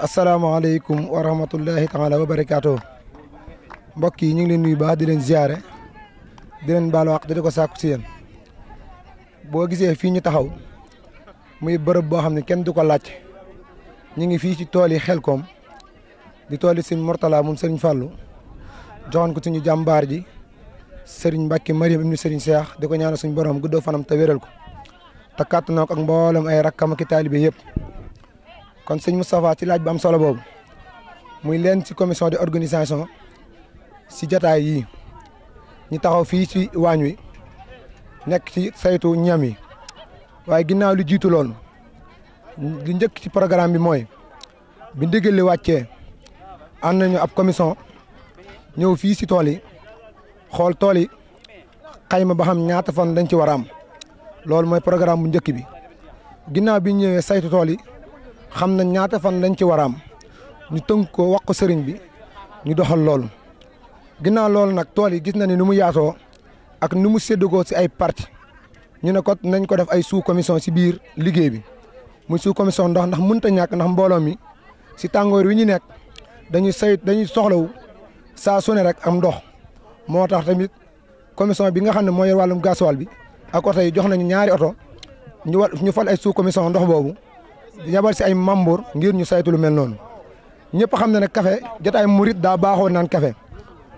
asalaamaaleykum wa rahmatullahi taala wa barakaatu mbokk yi ñu ngi leen nuyu baax di leen ziare di leen baalu àq di ko sàkku si yéen boo gisee fii ñu taxaw muy bërëb boo xam ne kenn du ko laaj ñu ngi fii ci tool yi koom di tool yi sëñ Mortala moom sëriñ Fàllu joxoon ko suñu jàmbaar ji sëriñ Mbàkke Mariam ibnu sëriñ Seex di ko ñaanal suñu borom guddoo fanam te wéral ko te kàttanoo ko ak mboolem ay rakkam ak taalibe yëpp. kon sëñ Moustapha ci laaj bu am solo boobu muy leen ci commission de organisation si jataay yi ñu taxaw fii si waañ wi nekk ci saytu ñam yi waaye ginnaaw li jiitu loolu li njëkk ci programme bi mooy bi ndigal li wàccee ànd nañu ab commission ñëw fii si tool yi xool tool yi xayma ba xam ñaata fan dañ ci war a am loolu mooy programme bu njëkk bi ginnaaw bi ñëwee saytu tool yi xam nañ ñaata fan lañu ci waraam ñu tënk ko wax ko sëriñ bi ñu doxal loolu ginnaaw loolu nag tool yi gis na ni nu mu yaatoo ak nu mu séddagoo si ay parti ñu ne ko nañ ko def ay suuf commission si biir liggéey bi muy sous commission ndox ndax mënta ñàkk ndax mbooloo mi si tàngoor wi ñu nekk dañuy sayt dañuy soxlawu saa su ne rek am ndox moo tax tamit commission bi nga xam ne mooy yor wàllum gasoil bi ak oto yi jox nañu ñaari oto ñu ñu fal ay sous commission ndox boobu yabal si ay membre ngir ñu saytu lu mel noonu ñëpp xam na ne café ay murit daa baaxoo naan kafe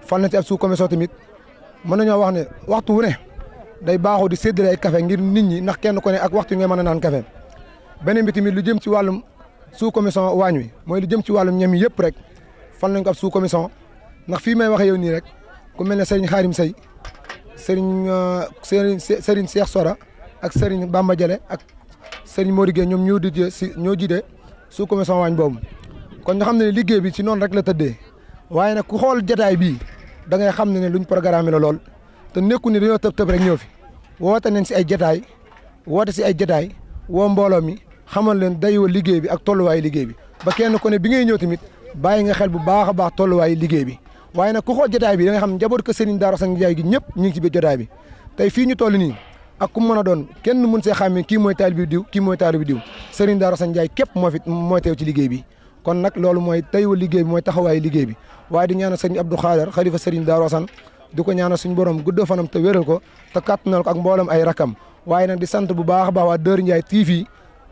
fal na ci ab sous commission tamit mën nañoo wax ne waxtu wu ne day baaxoo di séddale ay café ngir nit ñi ndax kenn ko ne ak waxtu ngay mën a naan café beneen bi tamit lu jëm ci wàllum sous commission waañ wi mooy lu jëm ci wàllum ñam yëpp rek fal nañ ko ab sous commission ndax fii may waxee yow nii rek ku mel ne Serigne Xaarim Sey Serigne euh, Serigne Serigne Cheikh Sora ak Serigne Bamba Jale ak Serigne moo Gueye ñoom ñoo di si ñoo jiite sous commission waañ boobu kon ñu xam ne ne liggéey bi ci noonu rek la tëddee waaye nag ku xool jataay bii da ngay xam ne ne luñ programme la lool te nekku ni dañoo tëb tëb rek ñëw fi woote nañ si ay jataay woote si ay jataay woo mbooloo mi xamal leen dayoo liggéey bi ak tolluwaay liggéey bi ba kenn ku ne bi ngay ñëw tamit bàyyi nga xel bu baax a baax tolluwaayu liggéey bi waaye nag ku xool jataay bi da nga xam njaboot ko Serigne Darou Assane Ndiaye gi ñëpp ñu ngi ci biir jataay bi fii ñu toll nii ak ku mën a doon kenn mun see xàmmee kii mooy taalibi diw kii mooy taalibi diw Serigne Darou Assane Ndiaye képp moo fi mooy teew ci liggéey bi kon nag loolu mooy teyu liggéey bi mooy taxawaayu liggéey bi waaye di ñaanal Serigne Abdou Khader xalifa Serigne Darou Assane di ko ñaanal suñu borom guddoo fanam te wéral ko te kàttanal ak mboolem ay rakam waaye nag di sant bu baax a baax waa Dër Ndiaye TV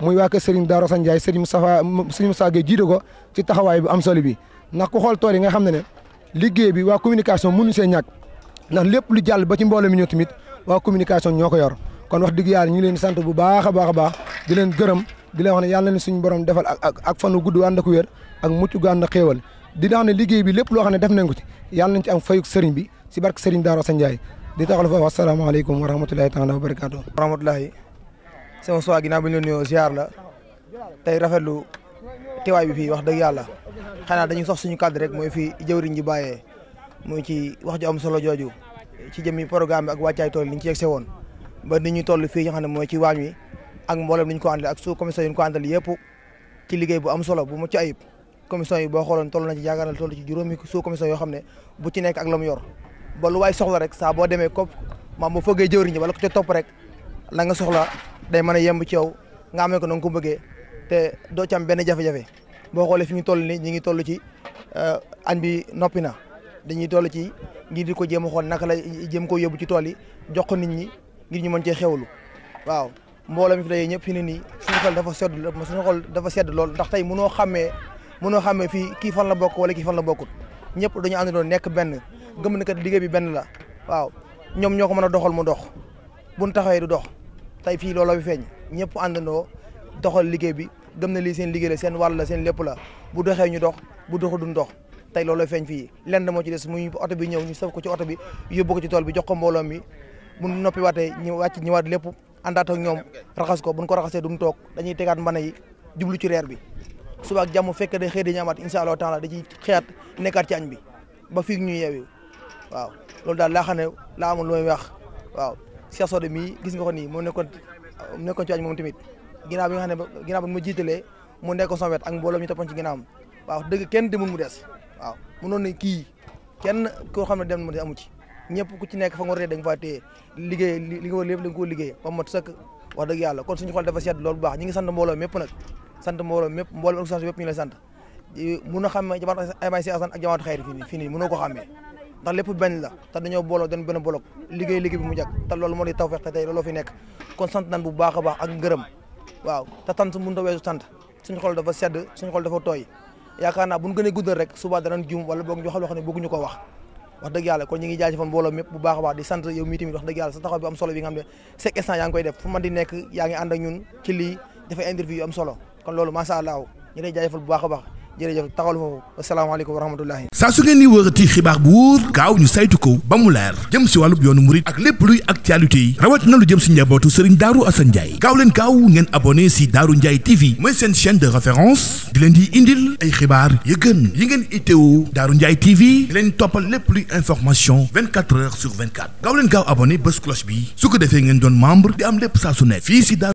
muy waa kër Serigne Darou Assane Ndiaye Serigne Moustapha Serigne Moustapha Gueye jiite ko ci taxawaay bu am solo bi ndax ku xool tool yi nga xam ne ne liggéey bi waa communication mënu see ñàkk ndax lépp lu jàll ba ci mbooloo mi ñëw tamit waa communication ñoo ko yor kon wax dëgg yàlla ñu leen sant bu baax baax a baax di leen gërëm di leen wax ne yàlla na suñu borom defal ak ak fanu gudd ànd ak wér ak mucc gu ànd ak xéewal di tax ne liggéey bi lépp loo xam ne def nañ ko ci yàlla nañ ci am fayuk sëriñ bi si barke sëriñ Daara Assane Ndiaye di taxawal foofu asalaamaaleykum wa rahmatulahi taala wa barakaatu. wa rahmatulahi soo soi naa bi ñu leen nuyoo ziar la tey rafetlu teewaay bi fii wax dëgg yàlla xanaa dañu sox suñu cadre rek mooy fii jëwriñ ji bàyyee muy ci wax ju am solo jooju ci jëmmi programme bi ak wàccaay tool yi ni ñu ci yegse woon ba ni ñu toll fii nga xam ne mooy ci waañ ak mboolem ni ñu ko àndale ak sous commission yi ñu ko àndal yëpp ci liggéey bu am solo bu mucc ayib commission yi boo xooloon toll na ci yaakaar naa toll ci juróomi sous commission yoo xam ne bu mu yor ba waay soxla rek saa boo demee kopp maam bu fëggee jëwriñ wala ko ca topp rek la nga day mën a yemb ci yow nga amee ko na nga ko te doo ci am benn jafe boo xoolee fi ñu toll ni ñi ngi toll ci euh, añ bi dañuy toll ci ngir di ko jéem a xool naka la jéem ko yóbbu ci tool yi jox ko nit ñi ngir ñu mën cee xewlu waaw mbooloo mi fi daje ñëpp fi ne nii suñu xol dafa sedd suñu xol dafa sedd lool ndax tey mënoo xàmmee mënoo xàmmee fii kii fan la bokk wala kii fan la bokkut ñëpp dañu ànd doon nekk benn gëm na kat bi benn la waaw ñoom ñoo ko mën a doxal mu dox buñ taxawee du dox tey fii looloo bi feeñ ñëpp àndandoo doxal liggéey bi gëm na lii seen liggéey la seen wàll la seen lépp la bu doxee ñu dox bu doxul duñ dox tey loolu feeñ fii lenn moo ci des muy oto bi ñëw ñu sëf ko ci oto bi yóbbu ko ci tool bi jox ko mbooloo mi bu noppi waatee ñu wàcc ñëwaat lépp àndaat ak ñoom raxas ko buñ ko raxasee duñ toog dañuy tegaat mbana yi jublu ci reer bi suba ak jàmm fekk de xëy dañu amaat incha allahu da ciy nekkaat ci bi ba fii ñuy yeewi waaw loolu daal laa xam ne laa amul lu may waaw Cheikh Sode mii gis nga ko nii moom nekkoon nekkoon ci moom tamit ginnaaw bi nga xam ne ginnaaw bi ma jiitalee mu nekk sama wet ak mbooloom ñu toppoon ci ginnaawam waaw dëgg kenn di demul mu des waaw mënoon nañ kii kenn koo xam ne dem na amu ci ñëpp ku ci nekk fa nga war a da nga faa liggéey li nga war lépp da nga koo liggéey kon suñu loolu baax ñi ngi sant mbooloo mépp nag sant mbooloo mépp mbooloo association mépp ñu lay sant mun a xàmmee jamaat ay si asan ak jamaatu xayri fii nii fii nii mënoo ko xàmmee ndax lépp benn la te dañoo booloo dañ benn bolok liggéey liggéey bi mu jag te loolu moo di tawfeex te tey looloo fi nekk sant nan bu baax a baax ak ngërëm waaw te tant mënu ta weesu sant suñu xol dafa sedd suñu xol dafa tooy yaakaar naa bu ñu gënee guddal rek suba danañ juum wala boog ñu wax loo xam ne ko wax wax dëgg yàlla kon ñu ngi jaajëfal mbooloo mépp bu baax a baax di sant yow mii wax dëgg yàlla sa taxaw bi am solo bi nga xam ne chaque yaa ngi koy def fu man di nekk yaa ngi ànd ak ñun ci lii dafa interview yu am solo kon loolu macha allah ñu lay jaajëfal bu baax a baax jërëjëf taxawal foofu asalaamaaleykum wa rahmatullahi saa su ngeen ni wërati xibaar bu wóor gaaw ñu saytu ko ba mu leer jëm si wàllub yoonu murit ak lépp luy actualité yi rawat na lu jëm si njabootu sëriñ Daaru Asan Njaay gaaw leen gaaw ngeen abonné si Daaru Njaay TV mooy seen chaîne de référence di leen di indil ay xibaar yu gën yi ngeen itteewu Daaru Njaay TV di leen toppal lépp luy information 24 heures sur 24 gaaw leen gaaw abonné bés cloche bi su ko defee ngeen doon membre di am lépp saa su ne fii si